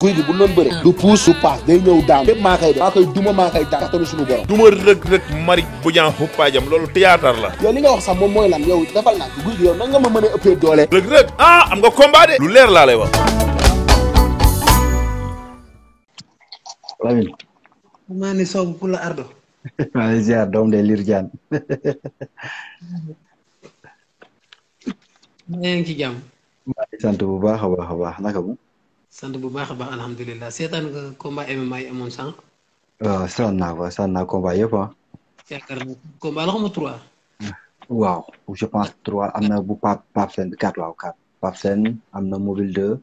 guy gi bu doon bëre ah. du puus du paas day ñëw daan lépp maa koy def duma maa koy daan tamit suñu borom duma rëg rëg mari bu ñaan xuppaajam loolu théâtre la yow li nga wax sax moom mooy lan yow defal naa guy gi yow nan nga ma mën a ëppee doole rëg rëg ah am nga combat de lu leer laa lay wax Lamine maa ni soobu ardo maa ngi ziar doom liir jaan maa ngi ci bu baax a baax a baax naka mu sant bu baax a baax alhamdulilah seetaan nga combat MMA yi amoon sànq. waaw seetaan naa ko seetaan naa combat yëpp ah. yaakaar naa combat la xam trois. waaw je pense trois am na bu Pape Pape Sène quatre waaw quatre Pape Sène am na mobile deux.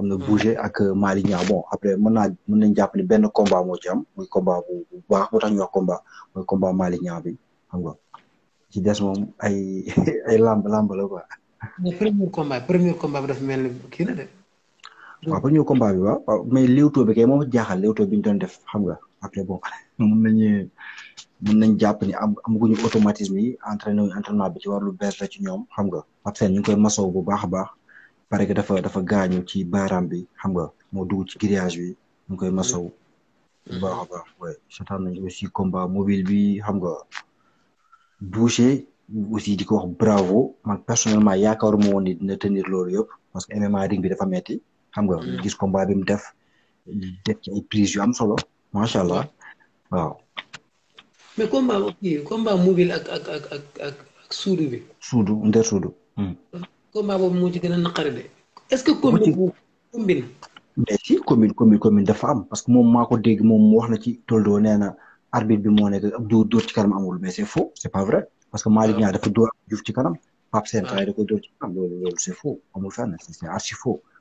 am na Bouger ak Mali Niang bon après mën naa mën nañu jàpp benn combat moo ci am muy combat bu bu baax bu tax ñu wax combat bi xam nga ci des moom ay lamb lamb la quoi. premier combat premier combat bi dafa de. waaw ba ñëw combat bi wa waaw mais léewtoo bi kay moom jaaxal léewtoo bi ñu doon def xam nga après bon mun nañu mun nañ jàpp ni am amaguñu automatisme yi entraîné wuñ entraînement bi ci war lu bees la ci ñoom xam nga Pape Sène ñu ngi koy masow bu baax baax parce que dafa dafa gaañu ci baaraam bi xam nga moo dugg ci grillage bi ñu ngi koy masow bu baax a baax waaye seetaan nañ aussi combat mobile bi xam nga boucher aussi di ko wax bravo man personnellement yaakaaruma woon ni dina tenir loolu yëpp parce que MMA ring bi dafa metti xam nga mm. gis combat bi mu def def ci ay yu am solo macha allah waaw. mais combat kii combat mobile ak ak ak ak ak suudu bi. suudu ndeer suudu. Hmm. combat boobu moo ci gën a naqari de. est-ce que commune bu commune. mais si am parce que moom maa ko dégg moom wax na ci toldo nee na arbitre bi moo nekk ab dóor dóor ci kanam amul mais c'est faux c'est pas vrai parce que Malick ah. Niang dafa ci kanam. Pape Sène ah. da ko dóor ci kanam loolu c'est faux amul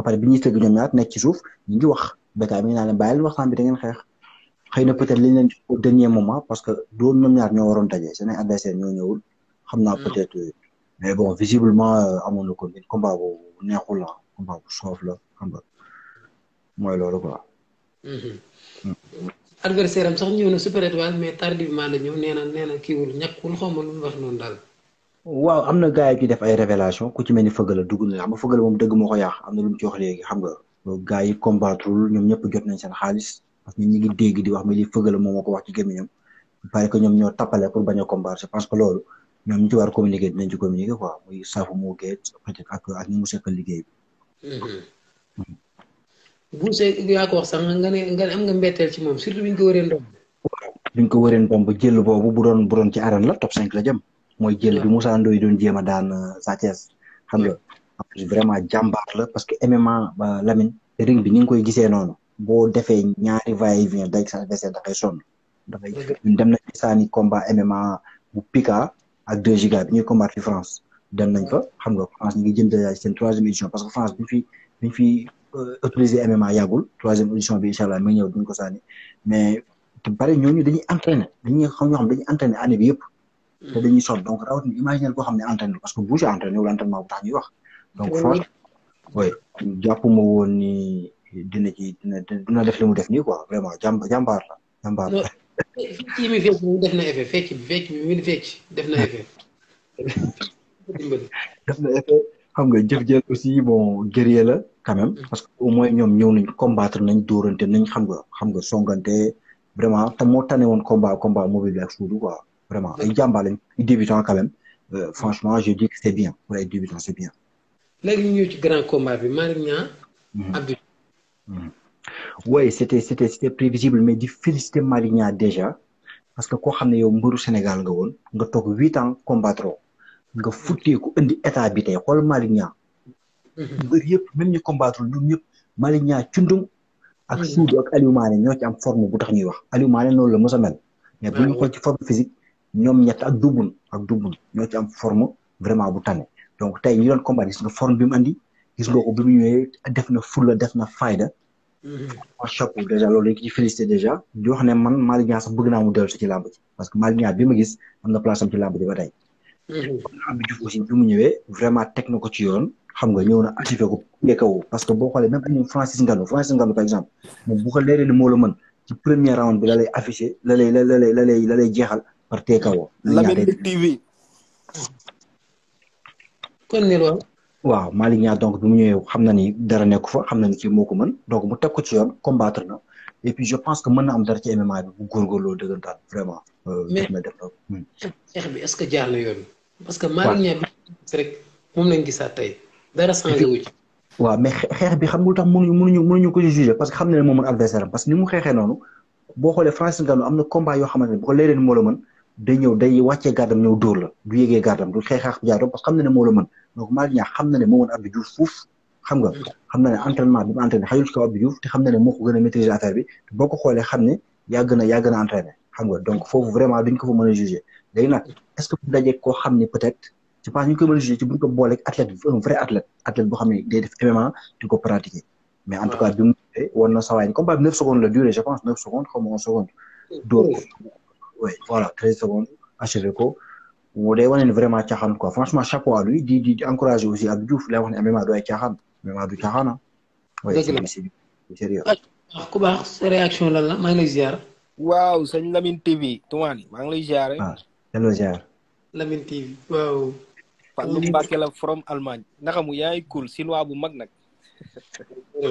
ba pare bi ñuy tëgg ñoom ñaar nekk ci suuf ñu ngi wax béykat mi naa leen bàyyi leen waxtaan bi da ngeen xeex xëy na peut-être liñ leen au dernier moment parce que doon ñoom ñaar ñoo waroon daje seen adversaire mm. bon visiblement euh, amoon na ko mbir combat bu neexul la ah, combat bu soof la xam nga mooy loolu ko mm-hmm. mm. adversaire am sax ñëw na super étoile mais tardivement la ñëw nee na nee na wax noonu daal. waaw am na gars yi ci def ay révélation ku ci mel ni Fëgala dugg na xam nga Fëgala moom dëgg moo ko yaax am na lu mu ci léegi xam nga gars yi ñoom ñëpp jot nañ seen xaalis parce que ñu ngi dégg di wax mais li Fëgala moo ko wax ci gémmiñam parce ñoom ñoo tappale pour bañ a combattre je pense que loolu ñoom ñu ci war a communiquer dinañ ci communiquer quoi muy saafu mu geet peut-être ak ak ñi mu liggéey bi. Mm-hmm. Bousse yaa ko wax sax nga ne am nga mbetteel ci moom surtout bi ñu ko wëree ndomb. waaw bi ñu ko jël boobu bu doon bu doon ci arène la top 5 la jëm. mooy jël bi Moussa Ndoye doon jéem a daan euh, Sa Thiès xam nga vraiment jàmbaar la parce que MMA euh, Lamine ring bi ni nga koy gisee noonu boo defee ñaari va-et-vient day sa adversaire dafay sonn dafay dem nañ saani combat MMA bu Pika ak deux giga bi ñuy combattre ci France dem nañ fa xam nga France ñu ngi jëm déjà seen troisième édition parce que France bi ñu fi bi ñu fi autorisé euh, MMA yàggul troisième édition bi incha allah mi ngi ko saani mais te pare ñooñu dañuy entraîné dañuy xam ñoo xam yëpp te dañuy sonn donc rawatina imaginer koo xam ne entraîné parce que bouger entraîné wul entraînement bu tax ñuy wax. donc force oui jàpp ma woon ni dina ci dina def li mu def nii quoi vraiment jàmba jàmbaar la la. kii mi fecc mi na effet xam nga jëf-jëf aussi bon guerrier la quand même parce que au moins ñoom ñëw nañ combattre nañ dóorante nañ xam nga xam nga songante vraiment te moo tane woon combat combat mobile bi ak fuudu quoi. vraiment ay jàmbaar lañ ay débutants quand même euh, franchement je dis que c' bien pour ay débutants bien. léegi ñu ci grand combat bi Malick Niang mhm. Abdou. oui mhm. c' était c' était c' prévisible mais di féliciter Malick Niang déjà parce que koo xam ne yow mbëru Sénégal nga woon nga toog huit ans combattre nga futteeku indi état bi tey xool Malick Niang. Mhm. yëpp même ñu combattre du ñëpp Malick Niang cundum ak Soudou ak Aliou Mané ñoo ci am forme bu tax ñuy wax Aliou Mané la mos a mel. mais bu ñu xool ci forme physique. ñoom ñett ak duubun ak duubun ñoo ci am forme vraiment bu tane donc tey ñu doon combat gis bi mu andi gis nga def na fulla def na fayda wa chapeau dèjà loolu ne man Malick Niang sax bëgg mu dellu si ci parce que Malick Niang bi ma gis am na place am ci làmb ba tey mm-hmm. bi mu ñëwee vraiment teg na ko ci yoon xam nga ñëw na activé ko ngekaw que boo xoolee même ñoom Francis Ngannou par exemple moom bu leeree ni moo la mën premier round bi la lay affiché la la lay la lay jeexal parte kawo Lamine Big TV kon ni loolu waaw Malick Niang donc bi mu ñëwee xam na ni dara nekk fa xam na ni kii moo ko mën donc mu teg ko ci yoon combattre na et puis je pense que mën na am dara ci MMA bi bu góorgóorloo dëggantaan vraiment. Euh, mais xeex hmm. bi est-ce que jaar na yoon. parce que Malick Niang bi rek moom xeex bi xam nga lu tax mënuñu mënuñu mënuñu ko parce que xam na ne moo mën adversaire am parce que ni mu xeexee noonu boo xoolee Francis Ngannou am na combat yoo xamante ne bu ko léeg-léeg moo la mën. day ñëw day wàccee gardam ñëw dóor la du yégee gardam du xeexaax jaadom parce que xam na ne moo la mën donc Malick Niang ne moo mën Abdou Diouf fuuf xam ne entraînement bi mu xam na ne moo ko gën a maîtriser bi te ko xoolee xam ne yaa gën a xam nga donc foofu vraiment duñ ko fa mën a jugé léegi ce que bu dajee xam ne peut être je pense ñu koy mën a jugé ci buñ ko booleeg athlète vrai athlète boo xam ne day def pratiquer mais en tout cas bi mu woon na sawaay combat bi je pense neuf secondes ouais, voilà, 13 secondes, achevé ko. mu dee wane ne vraiment caaxaan quoi franchement chapeau à lui di di encouragé aussi Abdou Diouf lay wax ne MMA du ay caaxaan MMA du caaxaan ah. dëgg la sérieux ah, ah, ku baax sa réaction lan la maa ngi lay ziar. TV Toumane maa ngi lay ziar. ah delloo ziar. TV waaw. Fallou Mbacké la from Allemagne. naka mu yaay cool chinois bu mag nag.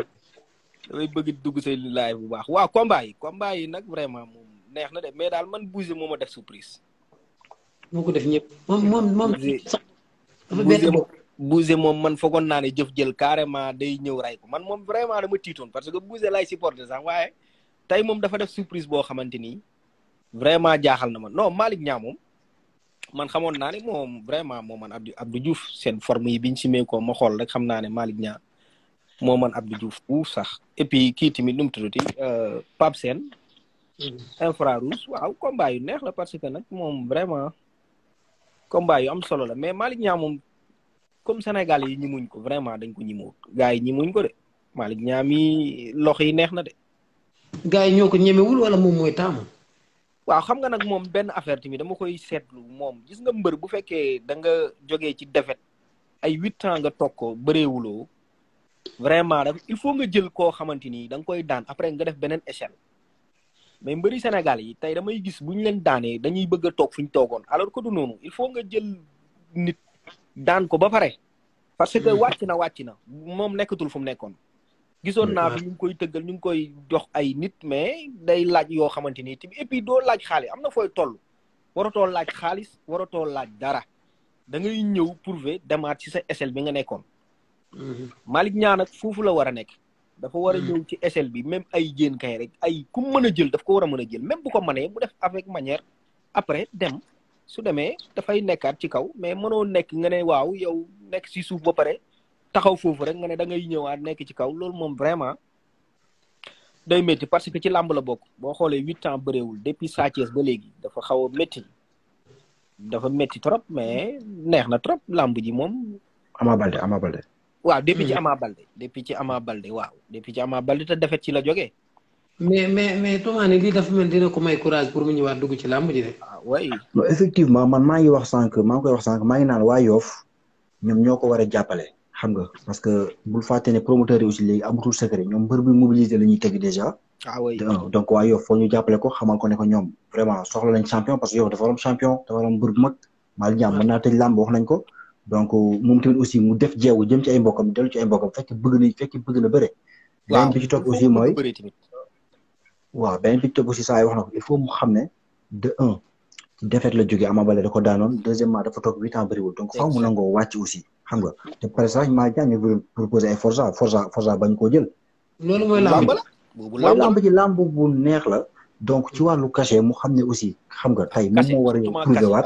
damay bëgg dugg say live bu baax waaw combat yi nag vraiment neex na de mais daal man Boucher moo ma def surprise. moo ko def ñëpp moom moom moom. man foogoon naa ne jëf jël carrément day ñëw ray ko man moom vraiment dama tiitoon parce que Boucher lay supporté sax waaye tey moom dafa def surprise boo xamante ni vraiment jaaxal na ma non Malick ñaa moom man xamoon naa ne moom vraiment moo man Abdou Abdou Diouf seen forme yi biñ simee ko ma xool rek xam naa ne Malick Niang moo man Abdou Diouf u sax et puis kii tamit nu mu tuddati euh, Pape Sène infrarouge waaw combat yu neex la parce que nag moom vraiment combat yu am solo la mais Malick Niang moom comme Sénégal yi ñimuñ ko vraiment dañ ko ñimuwut gars yi ñimuñ ko de Malick Niang mi lox yi neex na de. gars yi ñoo ko ñemewul wala moom mooy taamu. waaw xam nga nag moom benn affaire tamit dama koy seetlu moom gis nga mbër bu fekkee da nga jógee ci defet ay huit ans nga toog ko bëreewuloo vraiment il faut nga jël koo xamante ni da nga koy daan après nga def beneen échelle. mais mbëri Sénégal yi tey damay gis bu ñu leen daanee dañuy bëgg a toog fu ñu toogoon alor que du noonu il faut nga jël nit daan ko ba pare. parce que mm-hmm. wàcc na wàcc na moom nekkatul fu mu nekkoon. gisoon naa fi ñu ngi koy tëggal ñu ngi koy jox ay nit mais day laaj yoo xamante ni et puis doo laaj xaalis am na fooy toll. waratoo laaj xaalis waratoo laaj dara da ngay ñëw prouver demaat ci sa échelle bi nga nekkoon. Mm-hmm. Malick Niang nag foofu la war a nekk. dafa war a hmm. ñëw ci échelle bi même ay jéen kay rek ay ku mën a jël daf ko war a mën a jël même bu ko mënee mu def avec manière après dem su demee dafay nekkaat ci kaw mais mënoo nekk nga ne waaw yow nekk si suuf ba pare taxaw foofu rek nga ne da ngay ñëwaat nekk ci kaw loolu moom vraiment day métti parce que ci làmb la bokk boo xoolee huit ans bëreewul depuis Sa Thiès ba léegi dafa xaw a dafa métti trop mais neex na trop làmb ji moom. Ama Baldé Ama Baldé. Hmm. waaw depuis ci Ama Balde depuis ci Ama Balde waaw depuis ci Ama Balde te defet ci la jógee. mais mais mais Tomaane lii dafa mel dina ko may courage pour mu ñëwaat dugg ci làmb ji de. Ah, effectivement man maa ngi wax sànq maa ngi koy wax sànq maa ngi naan waa Yoff ñoom ñoo ko war a jàppale. xam nga parce que bul fàtte ne promoteur yi aussi léegi amatul secret ñoom mbër bi mobilisé la ñuy teg déjà. ah oui ah, donc waa Yoff foo ñu jàppale ko xamal ko ne ko ñoom vraiment soxla nañ champion parce que Yoff dafa waroon champion dafa waroon mbër ko. donc moom tamit aussi mu def jeew jëm ci ay mbokkam dellu ci ay mbokkam fekk bëgg na fekk bëgg na bëre. beneen bi ci topp aussi mooy waaw beneen bi ci topp aussi saa yi wax il faut mu xam ne de un défaite la jógee Ama Baldé da ko daanoon deuxièmement dafa toog huit ans bëriwul donc faaw mu nangoo wàcc aussi xam nga te par exemple maa jaa ñu proposé ay forza forza forza bañ koo jël. loolu mooy làmb la mooy làmb ji làmb bu neex la donc ci wàllu cachet mu xam ne aussi xam nga tey moom moo war a prouvé waat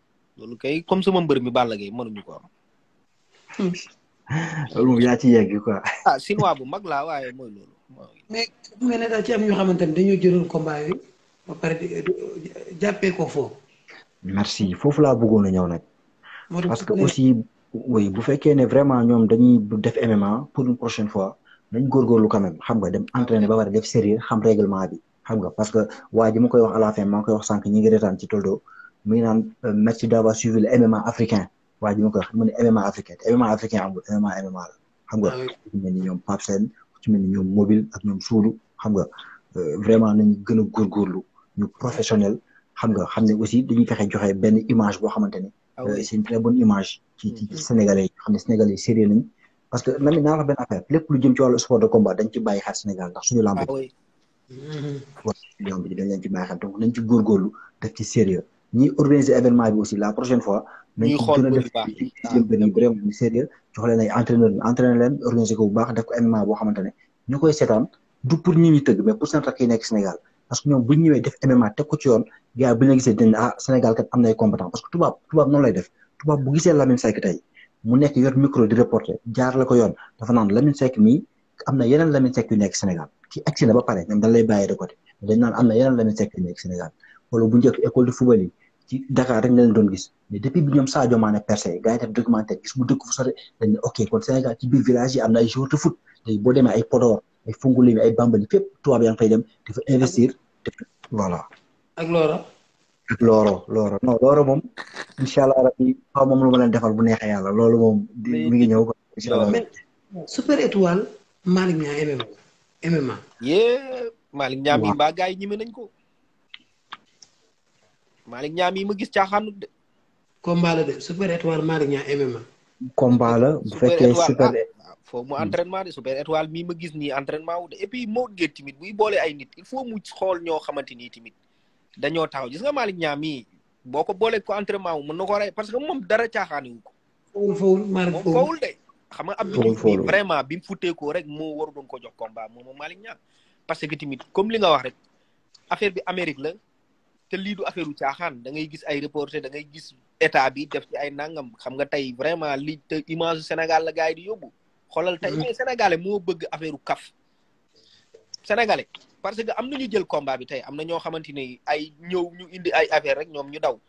loolu kay comme sama mbër mi Balla Gaye mënuñu ko am. loolu moom yaa ci yegg quoi. ah Sinoa mag laa waaye mooy loolu. mais ne daal ci am xamante ne dañoo jëloon combat ba pare jàppee ko foofu. merci foofu laa bëggoon a ñëw nag. parce aussi bu fekkee ne vraiment ñoom dañuy def MMA pour une prochaine fois nañ góorgóorlu quand même xam nga dem entraîner ba pare xam règlement bi xam nga parce que waa ji ma koy wax à la fin maa ngi sànq ñi ngi retaan ci toldo mi ngi naan euh, merci d'avoir suivi le MMA africain waa ji ma ko wax mu ne MMA africain te MMA africain amul MMA MMA la xam nga ah ku ñoom Pape Sène ku ci mel ni ñoom mobile ak ñoom suudu xam nga euh, vraiment nañu gën a lu ñu professionnel xam nga xam ne aussi dañuy fexe joxe benn image boo xamante ne ah euh, c'est une très image ci ci mm-hmm. sénégalais yi xam ne sénégalais yi sérieux parce que man naa la benn affaire lépp lu jëm ci wàllu sport de combat dañ ci bàyyi xel Sénégal ndax suñu lamb bi ah dañ leen ci bàyyi xel donc nañ ci góorgóorlu def ci sérieux ñiy organiser événement bi aussi la prochaine fois. ñuy a def vraiment ñu sérieux jox leen ay entraîneur entraîneur leen ko bu baax boo xamante ne ñu koy seetaan du pour ñi ñuy tëgg mais pour seen rakk yi nekk Sénégal parce que ñoom bu ñu ñëwee def MMA teg ko ci yoon gars bu ñu la gisee dinañ ah Sénégal kat am na ay nekk yor micro di reporter la ko yoon dafa naan Lamine Seck mii am na yeneen Lamine Seck yu nekk Sénégal ki agsi na ba pare ñoom dañ lay bàyyi de côté dañ naan am na yeneen Lamine Seck yu nekk Sénégal wala bu njëkk école de football yi ci Dakar rek nga leen doon gis mais depuis bi ñoom Sadio Mané percé gars yi def documentaire gis mu dëkk fu sore dañ ok kon Sénégal ci biir village yi am na ay joueurs de foot léegi boo demee ay Podor ay Fungulemi ay Bambali fépp tubaab yaa ngi fay dem dafa investir bu neexee yàlla loolu moom. di mi ngi ñëw quoi incha allah. super étoile Malick Niang MMA. yee Malick Niang mi mbaa gars nañ ko. Malick ñaam mii ma gis caaxaanut de. combat la de super étoile Malick Niang MMA. combat la bu ah, mu hmm. entraînement de super étoile mii ma gis nii entraînement wu de et puis Modou Gueye tamit buy boole ay nit il faut mu xool ñoo xamante ni tamit dañoo taxaw gis nga Malick Niang mii boo ko boolee ko entraînement wu mën na ko parce que moom dara caaxaane wu ko. fowul de. xam nga ab bi vraiment bi mu futteekoo rek moo waru doon ko jox combat moom Malick Niang parce que tamit comme li nga wax rek affaire bi Amérique la te lii du affaire u caaxaan da ngay gis ay reporter da ngay gis état bi def ci ay nangam xam nga tey vraiment li te image Sénégal la yi di yóbbu xoolal tey mm-hmm. mais moo bëgg affaire u kaf sénégalais parce que am na ñu jël combat bi tey am na ñoo xamante ne ay ñëw ñu indi ay affaire rek ñoom ñu daw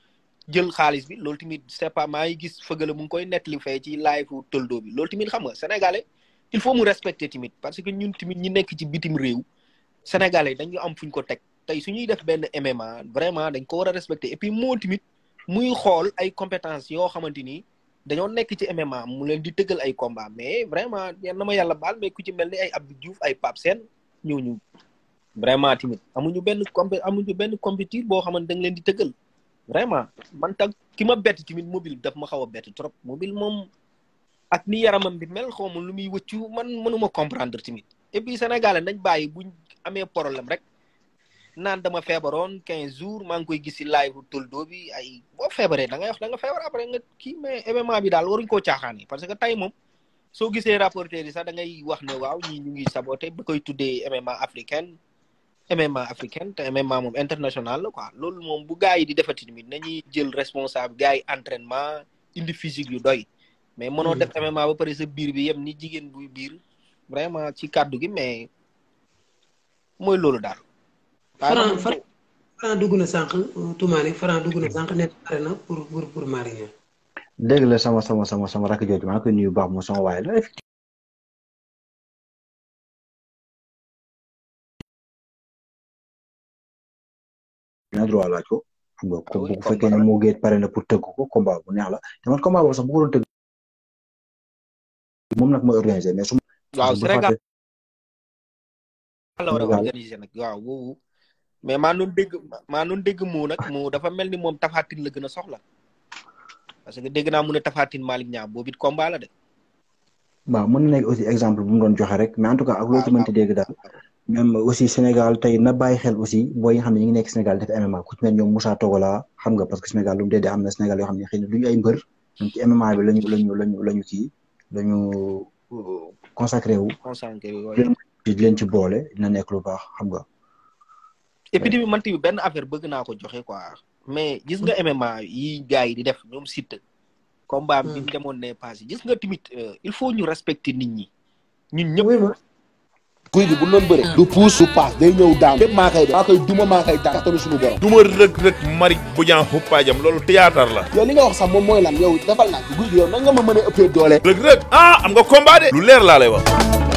jël xaalis bi loolu tamit c'est pas maa gis fëgala mu ngi koy nettali fee ci live tëldoo bi loolu tamit xam nga sénégalais il faut mu respecter tamit parce que ñun tamit ñi nekk ci bitim réew sénégalais dañu am fuñ ko teg tey su ñuy def benn MMA vraiment dañ ko war a respecter et puis moo tamit muy xool ay compétence yoo xamante ni dañoo nekk ci MMA mu leen di tëggal ay combat mais vraiment yan na ma yàlla baal mais ku ci mel ni ay Abdou Diouf ay Pape Sène ñooñu vraiment tamit amuñu benn compé amuñu benn compétiteur boo xamante dañ leen di tëggal vraiment man tak ki ma bett tamit mobile daf ma xaw a bett trop mobile moom ak ni yaramam bi mel xaw ma lu muy wëccu man mënuma comprendre tamit et puis Sénégalais nañ bàyyi buñ amee problème rek naan dama feebaroon quinze jours maa ngi koy gis si live toldo bi ay boo feebaree da ngay wax da nga feebar après nga kii mais événement bi daal ko koo caaxaane parce que tey moom soo gisee rapporteur yi sax da ngay wax ne waaw ñii ñu ngi saboté ba koy tuddee MMA africaine MMA africaine te MMA moom international la quoi loolu moom bu gars yi di defati na nañuy jël responsable gars yi entraînement indi physique yu doy mais mënoo def mm-hmm. MMA ba pare sa biir bi yem ni jigéen buy biir vraiment ci kàddu gi mais mooy loolu daal Franc Franc dugg na sànq Toumani Franc dugg na sànq ne pare na pour la sama sama sama sama rakk jooju maa ngi koy nuyu baax mu sama waaye la na droit laaj ko xam nga ko ah bu fekkee ne moo pour ko combat bu te man combat boobu sax bu ko doon tëgg moom nag organiser nag waaw mais maa doon dégg maa dégg mu nag mu dafa mel ni moom tafaatin la gën a soxla parce que dégg naa mu ne tafaatin Malick Niang boobu it combat la de. waaw mën ne nekk aussi exemple bu mu doon joxe rek mais en tout cas ak loo ci mënti dégg daal. même aussi Sénégal tey na bàyyi xel aussi booy nga xam ne ñu ngi nekk Sénégal def MMA ku ci mel ñoom Moussa Togola xam nga parce que Sénégal lu mu dee dee am na Sénégal yoo xam ne xëy na duñu ay mbër ñoom ci MMA bi lañu lañu lañu lañu kii euh, di leen ci boole dina nekk lu baax xam nga. épidémie bi benn affaire bëgg naa ko joxe quoi mais gis nga MMA yi gars yi di def ñoom Siteu combat bi mm. demoon ne passé gis nga tamit euh, il faut ñu respecter nit ñi ñun ñëpp kuy gi bu doon bëre puus su paas day ñëw daan lépp maa koy def maa koy duma maa koy daan kattanu suñu borom duma rëg rëg mari bu ñaa xuppaajam loolu théâtre la yow li nga wax sax moom mooy lan yow defal naa guy gi yow nan nga ma mën a doole rëg rëg ah am nga combat de lu leer laa lay wax